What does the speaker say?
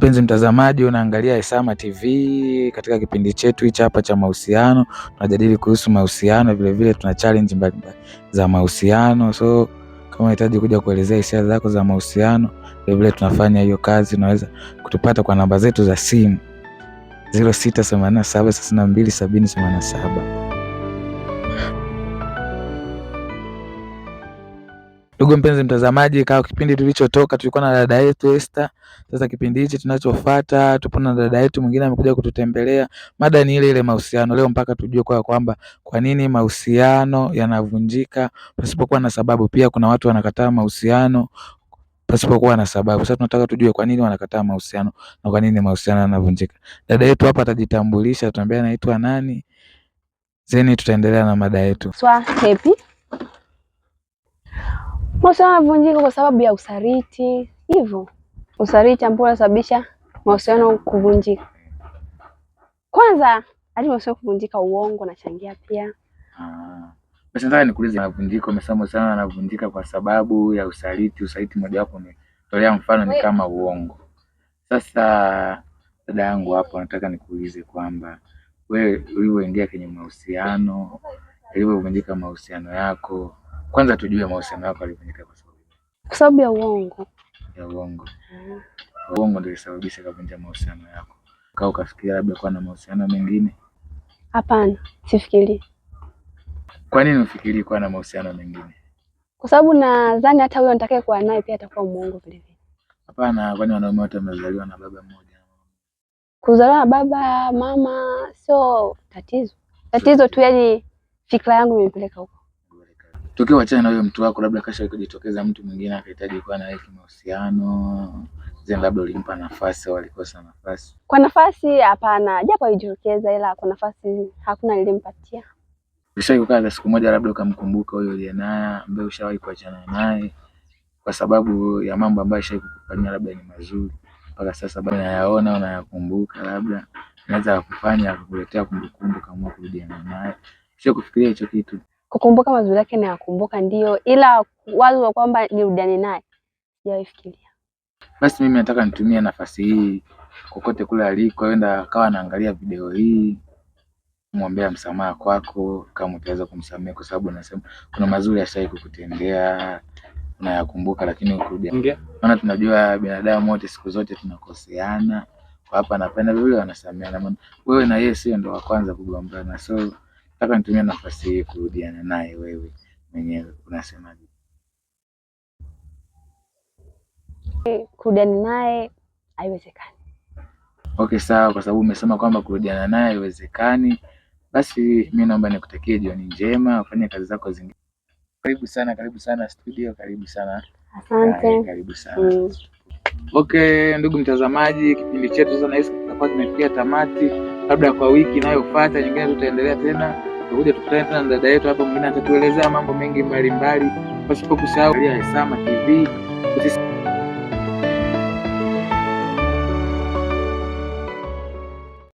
Mpenzi mtazamaji, unaangalia Esama TV katika kipindi chetu hichi hapa cha mahusiano. Tunajadili kuhusu mahusiano, vilevile tuna challenge mbalimbali za mahusiano. So kama unahitaji kuja kuelezea hisia zako za mahusiano, vilevile tunafanya hiyo kazi. Unaweza kutupata kwa namba zetu za simu 0687627087. Ndugu mpenzi mtazamaji, kwa kipindi tulichotoka tulikuwa na dada yetu Esther. Sasa kipindi hichi tunachofuata tupo na dada yetu mwingine amekuja kututembelea. Mada ni ile ile mahusiano. Leo mpaka tujue kwa kwamba kwa nini mahusiano yanavunjika pasipokuwa na sababu. Pia kuna watu wanakataa mahusiano pasipokuwa na sababu. Sasa tunataka tujue kwa nini wanakataa mahusiano na kwa nini mahusiano yanavunjika. Dada yetu hapa atajitambulisha, tuambie anaitwa nani. Zeni tutaendelea na mada yetu. Swa happy mahusiano yanavunjika kwa sababu ya usaliti, hivyo usaliti ambao unasababisha mahusiano kuvunjika. Kwanza hadi mahusiano kuvunjika, uongo unachangia pia. Sasa ah, nataka nikuulize, yanavunjika, umesema mahusiano yanavunjika kwa sababu ya usaliti. Usaliti mojawapo umetolea mfano ni kama uongo. Sasa dada yangu hapo, nataka nikuulize kwamba wewe ulivyoingia kwenye mahusiano, yalivyovunjika mahusiano yako kwanza tujue mahusiano yako yalifanyika kwa sababu kwa sababu ya uongo ya uongo mm. Uongo ndio ilisababisha kavunja mahusiano yako, kaa ukafikiria labda kuwa na mahusiano mengine? Hapana, sifikiri. Kwa nini ufikiri kuwa na mahusiano mengine? Kwa sababu nadhani hata huyo nitakaye kuwa naye pia atakuwa muongo vile vile. Hapana, kwani wanaume wote wamezaliwa na baba mmoja? Kuzaliwa na baba mama sio tatizo, tatizo tu yani fikra yangu imepeleka huko tokea wachana na huyo mtu wako, labda kasha kujitokeza mtu mwingine akahitaji kuwa na nawe kimahusiano, labda ulimpa nafasi au alikosa nafasi? Kwa nafasi hapana, japo alijitokeza, ila kwa nafasi hakuna nilimpatia. Ushawahi kukaa na siku moja, labda ukamkumbuka huyo uliye naye ambaye ushawahi kuachana naye kwa sababu ya mambo ambayo ashawahi kukufanyia, labda ni mazuri mpaka sasa bado unayaona, unayakumbuka, labda naweza kufanya kukuletea kumbukumbu kama kurudiana naye. sio kufikiria hicho kitu? kukumbuka mazuri yake na ndio, ila wazo wa kwamba nirudiane naye sijaifikiria. Basi mimi nataka nitumie nafasi hii kokote kule aliko, aenda akawa anaangalia video hii, kumwombea msamaha kwako, kama utaweza kumsamehe, kwa sababu nasema kuna mazuri ashai kukutendea unayakumbuka, lakini ukurudia, maana tunajua binadamu wote siku zote tunakoseana, kwa hapa napenda vile wanasameana, wewe na yeye sio ndo wa kwanza kugombana so nataka nitumie nafasi hii kurudiana naye wewe mwenyewe, unasemaje? Kurudiana naye haiwezekani. Okay, sawa. Kwa sababu umesema kwamba kurudiana naye haiwezekani, basi mi naomba nikutakie jioni njema, ufanye kazi zako zingine. Karibu sana, karibu sana studio, karibu sana. Asante. Karibu sana mm. Okay, ndugu mtazamaji, kipindi chetu sasa nahisi kitakuwa kimefikia tamati, labda kwa wiki inayofuata nyingine tutaendelea tena tutakuja tukutane tena na dada yetu hapo mwingine atatuelezea mambo mengi mbalimbali, pasipo kusahau hesama TV.